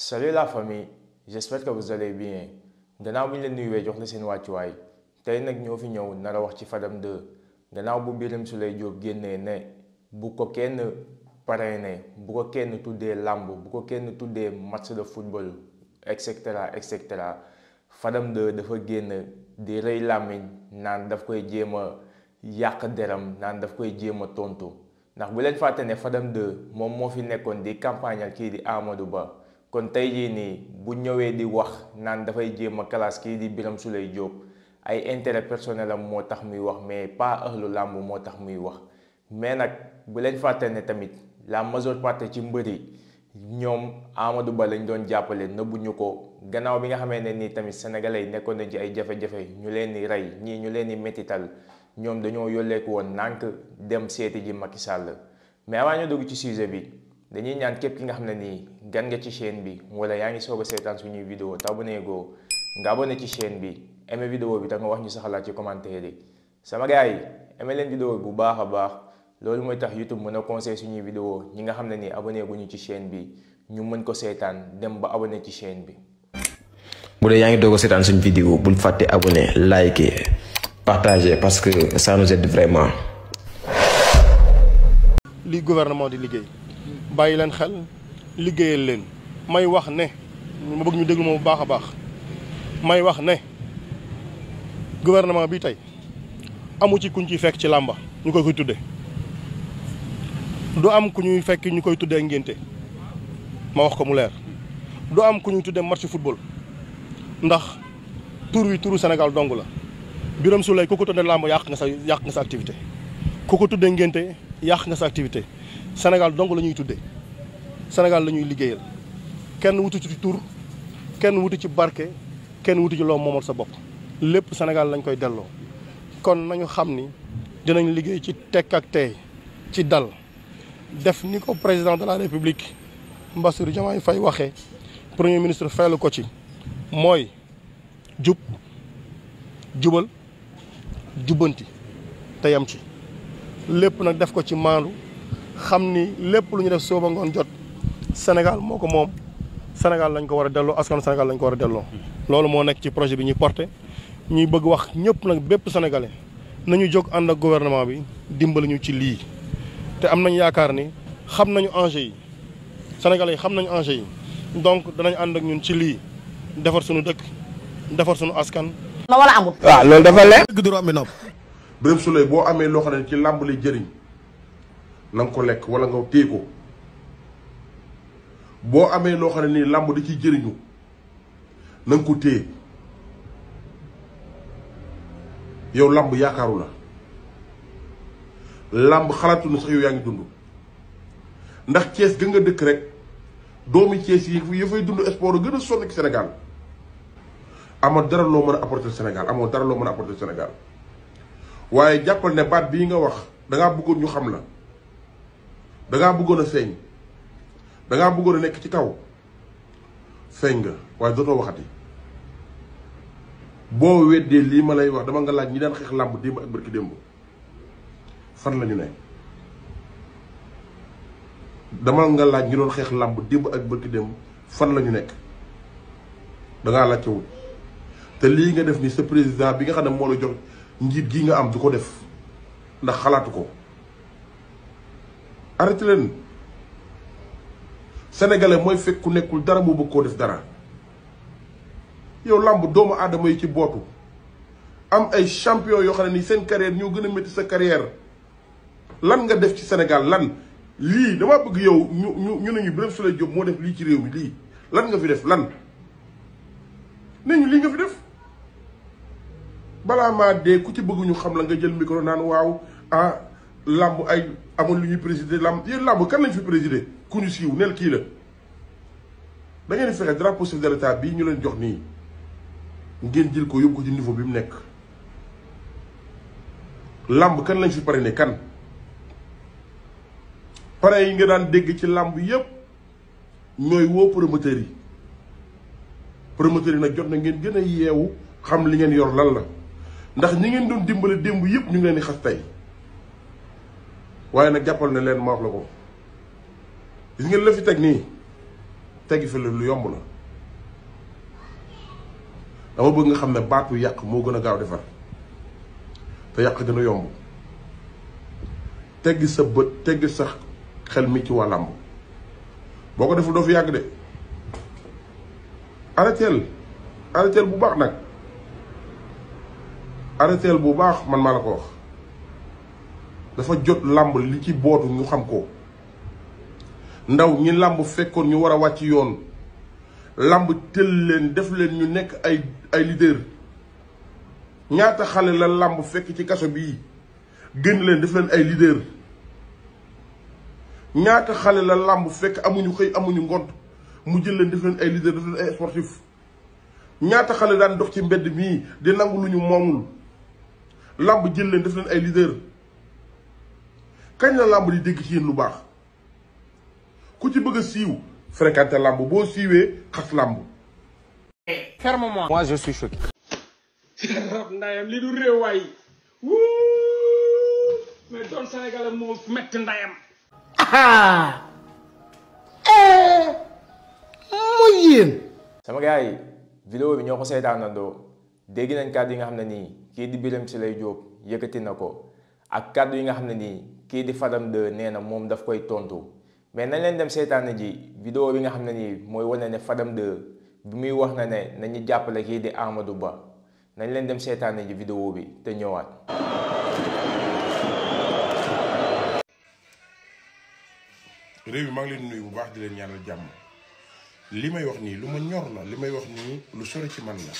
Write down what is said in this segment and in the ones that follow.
Salut la famille j'espère que vous allez bien gannaaw bu ñu leen nuyuwee jox la seen wàccuwaay tey nag ñoo fi ñëw nar a wax ci Fadam 2 gannaaw bu Birame Souleye Diop génnee ne bu ko kenn parrainé bu ko kenn tuddee làmb bu ko kenn tuddee match de football et cetera et cetera Fadam dafa génn di rey làmmiñ naan daf koy jéem a yàq deram naan daf koy jéem a tontu ndax bu leen fàtte ne Fadam moom moo fi nekkoon di campagnal kii di Amadou Ba. kon tey jii nii bu ñëwee di wax naan dafay jéema a kii di Birame Souleye Diop ay intérêt personnel am moo tax muy wax mais pas ahlu làmb moo tax muy wax mais nag bu leen fàtte ne tamit la majeure partie ci mbër yi ñoom Amadou Ba lañ doon jàppale nëbbu ñu ko gannaaw bi nga xamee ne nii tamit sénégalais yi nekkoon nañ ci ay jafe-jafe ñu leen di rey ñii ñu leen di métital ñoom dañoo yolleeku woon nànk dem seeti ji Macky Sall mais avant ñu dugg ci sujet bi. dañuy ñaan képp ki nga xam ne nii gan nga ci chaîne bi wala yaa ngi soog a seetaan suñuy vidéo t'abonné goo nga abonné ci chaîne bi aimé vidéo bi te nga wax ñu sa xalaat ci commentaire yi sama gars yi aimé leen vidéo bu baax a baax loolu mooy tax YouTube mën a conseil suñuy vidéo ñi nga xam ne nii aboneeguñu ci chaîne bi ñu mën ko seetaan dem ba abonné ci chaîne bi. bu dee yaa ngi doog a seetaan suñu vidéo bul fàtte abonné liker partager parce que ça nous aide vraiment. li gouvernement di liggéey. bàyyi leen xel liggéeyal leen may wax ne ma bëgg ñu déglu ma bu baax a baax may wax ne gouvernement bi tey amu ci kuñ ciy fekk ci làmba ñu koy koy tudde du am ku ñuy fekk ñu koy tuddee ngénte ma wax ko mu leer du am ku ñuy tuddee match football ndax tur wi turu senegal dong la Birame Souleye ku ko tuddee làmb yàq nga sa yàq nga sa activité ku ko tuddee ngénte yàq nga sa activité Sénégal dong lañuy ñuy tuddee Sénégal la ñuy liggéeyal kenn wutu ci tur kenn wutu ci barke kenn wutu ci loo moomal sa bopp lépp Sénégal lañ koy delloo. kon nañu xam ni dinañ liggéey ci tekk ak tey ci dal def ni ko président de la république Bassirou Diomaye fay waxee premier ministre faylu ko ci mooy jub jubal jubbanti te yam ci lépp nag def ko ci maandu. xam ni lépp lu ñu def sooba ngoon jot Sénégal moo ko moom Sénégal lañ ko war a delloo askan Sénégal lañ ko war a delloo. loolu moo nekk ci projet bi ñu porté ñuy bëgg wax ñëpp nag bépp na ñu jóg ànd ak gouvernement bi dimbali ñu ci lii. te am nañu yaakaar ni xam nañu enjeu yi sénégalais yi xam nañu enjeu yi donc danañ ànd ak ñun ci lii defar sunu dëkk defar sunu askan. na wala amul. waaw ah, loolu dafa leer. dëgg du romb nopp. Birame Souleye boo amee loo xam ne ci làmb lay jëriñ. nang ko lek wala nga teeku bo amé lo xamné ni lamb di ci jëriñu nang ko tee yow lamb yaakaru la lamb xalatu ni sax yow yaangi dundu ndax ties ga nga yu ya fay dundu sport gëna sonn ci sénégal amo dara lo mëna apporter sénégal amo dara lo mëna apporter sénégal waaye jàppal ne baat dangaa bëggoon a feeñ dangaa bëggoon a nekk ci kaw feeñ nga waaye dootoo waxati boo weddee lii ma lay wax dama nga laaj ñi daan xeex làmb démb ak bërki démb fan la ñu ne dama nga laaj ñi doon xeex làmb démb ak bërki démb fan la ñu nekk dangaa laajtewul te lii nga def ni sa président bi nga xam ne moo la jox njiit gii nga am du ko def ndax xalaatu ko arrêté leen sénégalais mooy fekku nekkul dara mu bëgg koo def dara yow làmb doomu aadama yi ci bootu am ay champion yoo xam ne ni seen carrière ñoo gën a métti sa carrière lan nga def ci senegal lan lii damaa bëgg yow ñu ñu ñu ne ñu Birame Souleye Diop moo def lii ci réew mi lii lan nga fi def lan ne ñu lii nga fi def balaa maa dee ku ci bëgg xam la nga jël micro naan waaw ah, làmb ay amul lu ñuy présider làmb yéen làmb kan lañ fi présider ku ñu siiw nel kii la da ngeen fexe drapeau chef de l'état bii ñu leen jox nii ngeen jil ko yóbbu ko ci niveau bi mu nekk làmb kan lañ fi pare ne kan pare yi nga daan dégg ci làmb yépp ñooy woo promoteurs yi promoteurs yi nag jot na ngeen gën a yeewu xam li ngeen yor lan la ndax ñi ngeen doon dimbale démb yépp ñu ngi leen di xas tey waaye nag jàppal na leen ma wax la ko gis ngeen la fi teg nii tegi fi lu yomb la dama bëgg nga xam ne baatu yàq moo gën a gaaw defar te yàq gën yomb teggi sa bët teggi sa xel mi ci waa làmb boo ko deful doo fi yàgg de arrêteel arrêteel bu baax nag arrêteel bu baax man maa la ko wax dafa jot làmb li ci bootu ñu xam ko ndaw ñi làmb fekkoon ñu war a wàcc yoon làmb tël leen def leen ñu nekk ay ay leader ñaata xale la làmb fekk ci kaso bii gën leen def leen ay leader ñaata xale la làmb fekk amuñu xëy amuñu ngont mu jël leen def leen ay leader def leen ay sportif ñaata xale daan dox ci mbedd mii di nangu lu ñu moomul làmb jël leen def leen ay leader kañ la làmb di dégg ci yéen lu baax ku ci bëgg a siiw fréquenter làmb boo siiwee xas làmb. fermement. moi je suis ndayam li ah. eh. yéen. sama gars yi vidéo bi ñoo ko seetaanandoo dégg nañ kàddu yi nga xam ne nii kii di Birame Souleye Diop yëkkati na ko ak kàddu yi nga xam ne nii. kii di Fadam 2 nee na moom daf koy tontu mais nañ leen dem seetaan ji vidéo bi nga xam ne nii mooy wane ne Fadam 2 bi muy wax na ne nañu jàppale kii di Amadou Ba nañ leen dem seetaan ji vidéo bi te ñëwaat. réew mi maa ngi leen nuyu bu baax di leen ñaanal jàmm li may wax nii lu ma ñor la li may wax nii lu sori ci man la.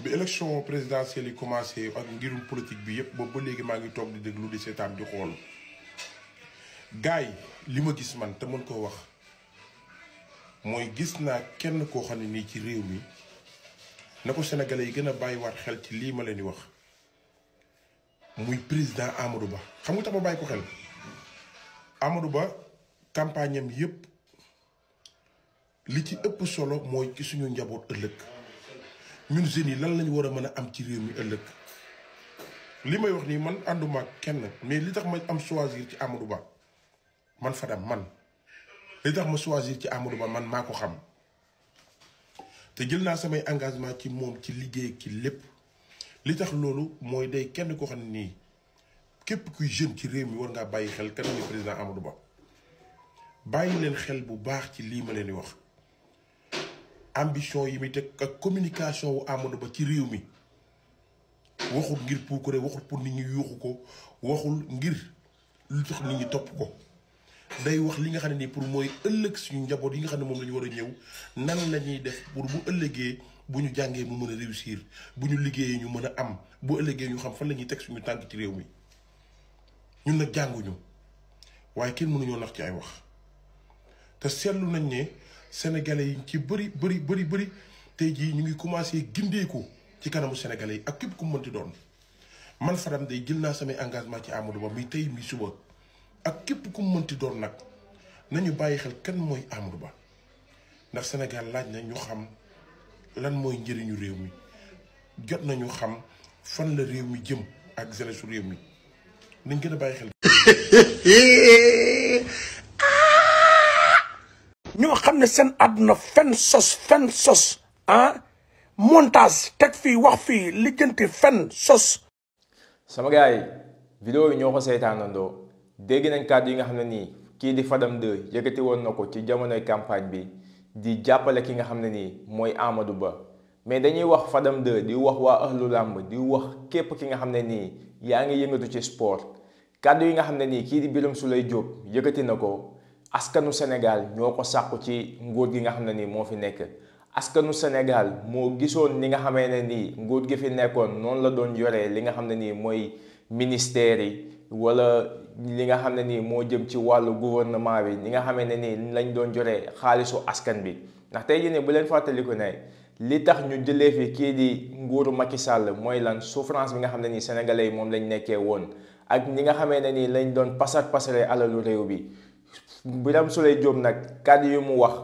bi élection présidentielle yi commencé ak ngirum politique bi yëpp boobu ba léegi maa ngi toog di déglu di seetaan di xool gars yi li ma gis man te mën koo wax mooy gis naa kenn koo xam ne nii ci réew mi na ko sénégalais yi gën a bàyyiwaat xel ci lii ma leen di wax muy président Amadou Ba xam nga tax ma bàyyi ko xel amaru Ba campagne am yëpp li ci ëpp solo mooy ci suñu njaboot ëllëg. mun jeunes yi lan lañu war a mën a am ci réew mi ëllëg li may wax nii man ànduma ak kenn mais li tax ma am choisir ci Amadou Ba man Fadam man li tax ma choisir ci Amadou man maa ko xam te jël naa samay engagement ci moom ci liggéey ci lépp li tax loolu mooy day kenn ko xam ne nii képp kuy jeune ci réew mi war ngaa bàyyi xel kan ni président Amadou Ba bàyyi leen xel bu baax ci lii ma leen di wax ambition yi muy teg communication wu Amadou Ba ci réew mi waxul ngir puukare waxul pour nit ñi yuuxu ko waxul ngir lu tax nit ñi topp ko day wax li nga xam ne nii pour mooy ëllëg suñu njaboot yi nga xam ne moom lañu war a ñëw nan la ñuy def pour bu ëllëgee bu ñu jàngee mu mën a réussir bu ñu liggéeyee ñu mën a am bu ëllëgee ñu xam fan la ñuy teg suñu tànk ci réew mi ñun nag jànguñu waaye kenn mënuñoo nax ci ay wax te seetlu nañ ne sénégalais yi ci bëri bëri bëri bëri tey jii ñu ngi commencé gindeeku ci kanamu sénégalais yi ak képp ku mënti doon man Fadam day jël naa samay engagement ci Amadou Ba mi tey mi suba ak képp ku mënti doon nag na ñu bàyyi xel kenn mooy Amadou Ba ndax Sénégal laaj na ñu xam lan mooy njëriñu réew mi jot nañu xam fan la réew mi jëm ak jeunesse su réew mi nañ gën a bàyyi xel. ñoo xam ne seen àdduna fen sos fen sos ah montage teg fii wax fii lijjanti fen sos. sama gars yi vidéo yi ñoo ko seetaanandoo dégg nañ kàddu yi nga xam ne nii kii di Fadam 2 woon na ko ci jamonoy campagne bi di jàppale ki nga xam ne nii mooy Amadou Ba mais dañuy wax Fadam di wax waa ahlu làmb di wax képp ki nga xam ne nii yaa ngi yëngatu ci sport kàddu yi nga xam ne nii kii di Birame Souleye Diop yëkkati na ko. askanu Sénégal ñoo ko sàkku ci nguur gi nga xam ne nii moo fi nekk askanu Sénégal moo gisoon ni nga xamee ne nii nguur gi fi nekkoon noonu la doon joree li nga xam ne nii mooy ministère yi wala li nga xam ne nii moo jëm ci wàllu gouvernement bi li nga xamee ne nii lañ doon joree xaalisu askan bi ndax tey jii ne bu leen fàttaliku ne li tax ñu jëlee fi kii di nguuru Macky Sall mooy lan souffrance bi nga xam ne nii sénégalais yi moom lañ nekkee woon ak ñi nga xamee ne nii lañ doon pasar pasare alalu réew Birame Souleye jóob nag kàddu yu mu wax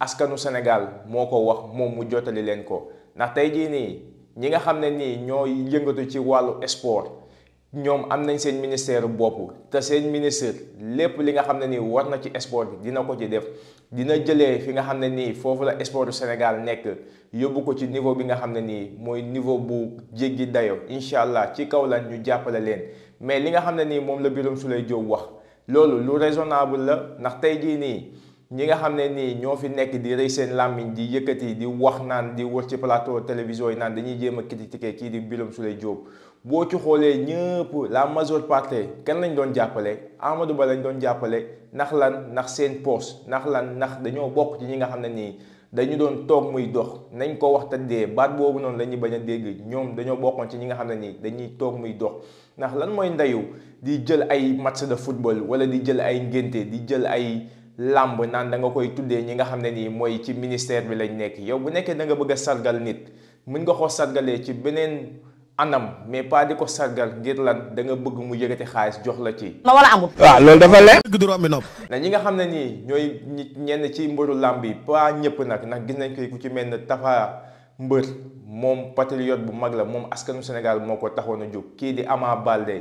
askanu Sénégal moo ko wax moom mu jotali leen ko ndax tey jii nii ñi nga xam ne nii ñoo yëngatu ci wàllu sport ñoom am nañ seen ministère bopp te seen ministre lépp li nga xam ne nii war na ci sport bi dina ko ci def dina jëlee fi nga xam ne nii foofu la sport Sénégal nekk yóbbu ko ci niveau bi nga xam ne nii mooy niveau bu jéggi dayo incha allah ci kaw la ñu jàppale leen mais li nga xam ne nii moom la Birame Souleye Diop wax. loolu lu raisonnable la ndax tey jii nii ñi nga xam ne nii ñoo fi nekk di rëy seen làmmiñ di yëkkati di wax naan di wër ci plateau télévision yi naan dañuy jéem a critiquer kii di Birame Souleye jóob boo ci xoolee ñëpp la majeure partie kenn lañu doon jàppale Amadou Ba lañ doon jàppale ndax lan ndax seen poste ndax lan ndax dañoo bokk ci ñi nga xam ne nii dañu doon toog muy dox nañ ko wax te baat boobu noonu la ñuy bañ a dégg ñoom dañoo bokkoon ci ñi nga xam ne nii dañuy toog muy dox ndax lan mooy ndeyu di jël ay match de football wala di jël ay ngénte di jël ay làmb naan da nga koy tuddee ñi nga xam ne nii mooy ci ministère bi lañ nekk yow bu nekkee da nga bëgg a sargal nit mën nga ko sargalee ci beneen. anam mais pas diko sagal ngir lan da nga bëgg mu yëgëti xaaliss jox la ci na wala amul wa ah, lool dafa le dëgg du romi nopp na ñi nga xam ne nii ñenn ci mbëru lambi pa ñëpp nag nag gis nañ koy ku ci mel ne tafa mbër moom patriote bu mag la moom askanu sénégal moo ko taxoon a di ama balde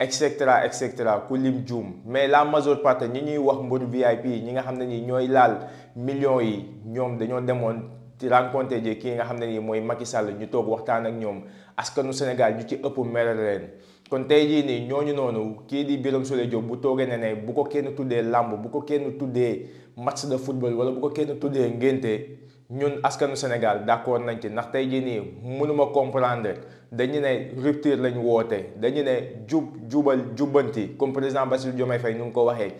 et cetera et cetera ku lim juum mais la major partie ñi ñuy wax mbëru vip ñi nga xam ne nii laal millions yi ñoom dañoo demoon ci rencontre ji ki nga xam ne nii mooy Macky Sall ñu toog waxtaan ak ñoom askanu Sénégal ñu ci ëpp mere leen kon tey jii nii ñooñu noonu kii di Birame Souleye Diop bu toogee ne ne bu ko kenn tuddee làmb bu ko kenn tuddee match de football wala bu ko kenn tuddee ngénte ñun askanu Sénégal d'accord nañ ci ndax tey jii nii mënuma comprendre dañu ne rupture lañ woote dañu ne jub jubal jubbanti comme président Bassirou Diomaye Faye nu ngi ko waxee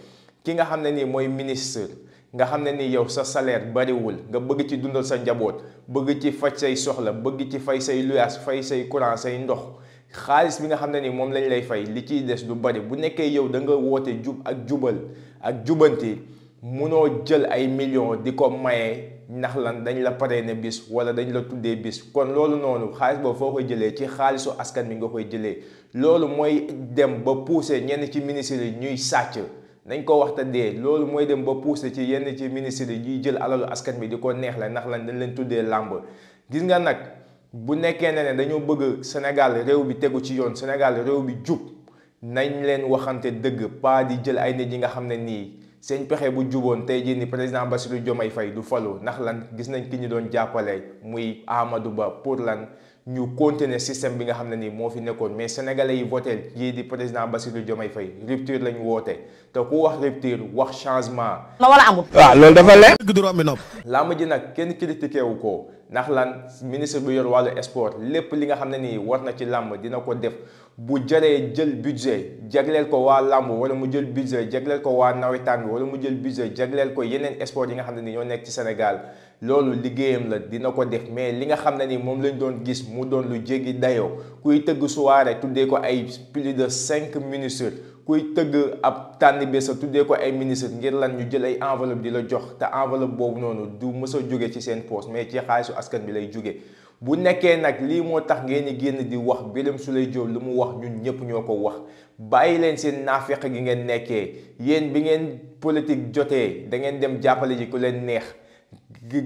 ki nga xam ne nii mooy ministre nga xam ne ni yow sa salaire bariwul nga bëgg ci dundal sa njaboot bëgg ci faj say soxla bëgg ci fay say luyaas fay say courant say ndox xaalis bi nga xam ne ni moom lañ lay fay li ciy des du bari bu nekkee yow danga nga woote jub ak jubal ak jubanti munoo jël ay millions di ko maye. ndax lan dañ la paree ne bis wala dañ la tuddee bis kon loolu noonu xaalis boo foo koy jëlee ci xaalisu askan bi nga koy jëlee loolu mooy dem ba pousser ñenn ci ministres yi ñuy sàcc nañ ko wax dee loolu mooy dem ba poussé ci yenn ci ministre yi ñuy jël alalu askan bi di ko neex la ndax lan dañ leen tuddee làmb gis nga nag bu nekkee ne ne dañoo bëgg Sénégal réew bi tegu ci yoon Sénégal réew bi jub nañ leen waxante dëgg pas di jël ay nit yi nga xam ne nii seen pexe bu juboon tey jii ni président Bassirou jommay fay du falu ndax lan gis nañ ki ñu doon jàppale muy Amadou Ba pour lan ñu continuer système bi nga xam ne nii moo fi nekkoon mais sénégalais yi voté yii di président Bassirou Diomaye Faye rupture la ñu woote te ku wax rupture wax changement. na wala amul. waaw ah, loolu dafa leer. dëgg du am nopp. làmb ji nag kenn critiqué wu ko ndax lan ministre bi yor wàllu sport lépp li nga xam ne nii war na ci làmb dina ko def bu jëree jël budget jagleel ko waa làmb wala mu jël budget jagleel ko waa nawetaan wala mu jël budget jagleel ko yeneen sport yi nga xam ne nii ñoo nekk ci Sénégal. loolu liggéeyam la dina ko def mais li nga xam ne ni moom lañ doon gis mu doon lu jéggi dayoo kuy tëgg suwaaree tuddee ko ay plus de cinq ministres kuy tëgg ab tànni bi sa tuddee ko ay ministre ngir lan ñu jël ay enveloppe di la jox te enveloppe boobu noonu du mës a jóge ci seen poste mais ci xaalisu askan bi lay jóge bu nekkee nag lii moo tax ngeen di génn di wax su lay Diop lu mu wax ñun ñëpp ñoo ko wax bàyyi leen seen naafeq gi ngeen nekkee yéen bi ngeen politique jotee da ngeen dem jàppale ji leen neex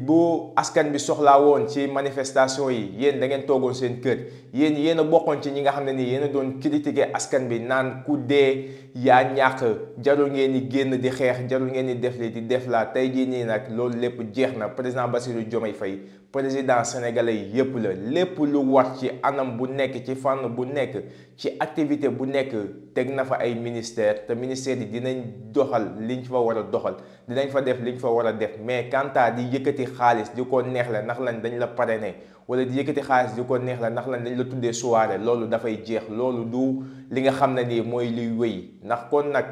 bu askan bi soxlaa woon ci manifestation yi yéen da ngeen toogoon seen kër yéen yéen a bokkoon ci ñi nga xam ne nii yéen a doon critiquer askan bi naan ku dee yaa ñàkk jarul ngeen di génn di xeex jarul ngeen di def li di def la tey jii nii nag loolu lépp jeex na président Bassirou Diomaye fay président sénégalais yépp la lépp lu wax ci anam bu nekk ci fànn bu nekk ci activité bu nekk teg na fa ay ministère te ministères yi dinañ doxal liñ fa war a doxal dinañ fa def liñ fa war a def mais kanta di yëkkati xaalis di ko neex la ndax lañ dañ la parrainé wala di yëkkati xaalis di ko neex la ndax lañ dañ la tuddee soirée loolu dafay jeex loolu du li nga xam ne nii mooy luy wéy ndax kon nag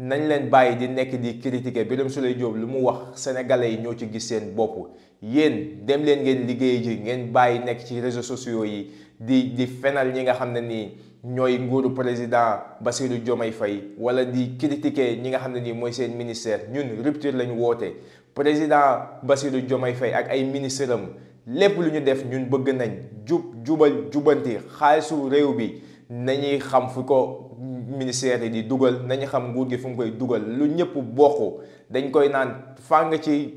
nañ leen bàyyi di nekk di critiquer su lay Diop lu mu wax sénégalais yi ñoo ci gis seen bopp yéen dem leen ngeen liggéey ji ngeen bàyyi nekk ci réseaux sociaux yi di di fenal ñi nga xam ne nii ñooy nguuru président Bassirou Diomaye Faye wala di critiquer ñi nga xam ne nii mooy seen ministère ñun rupture lañu woote président Bassirou Diomaye Faye ak ay ministre am lépp lu ñu def ñun bëgg nañ jub jubal jubanti xaalisu réew bi nañuy xam fu ko ministère yi di dugal nañu xam nguur gi fu mu koy dugal lu ñëpp bokk dañ koy naan fàng ci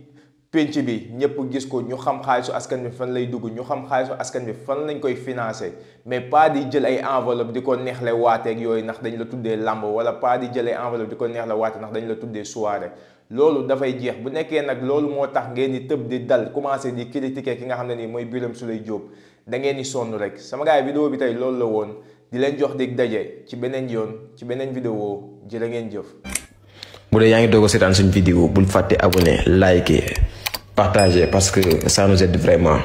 pénc bi ñëpp gis ko ñu xam xaalisu askan bi fan lay dugg ñu xam xaalisu askan bi fan lañ koy financé mais pas di jël ay enveloppe di ko neexle waateek yooyu ndax dañu la tuddee lamb wala pas di jël ay enveloppe di ko neexle waate ndax dañ la tuddee soirée loolu dafay jeex bu nekkee nag loolu moo tax ngeen di tëb di dal commencé di critiquer ki nga xam ne nii mooy Birame su lay da dangeen di sonn rek sama gars yi vidéo bi tey loolu la woon di leen jox dig daje ci beneen yoon ci beneen vidéo jërë ngeen jëf. bu yaa ngi doog a seetaan suñu vidéo bul fàtte abonné liker partagez parce que ça nous aide vraiment.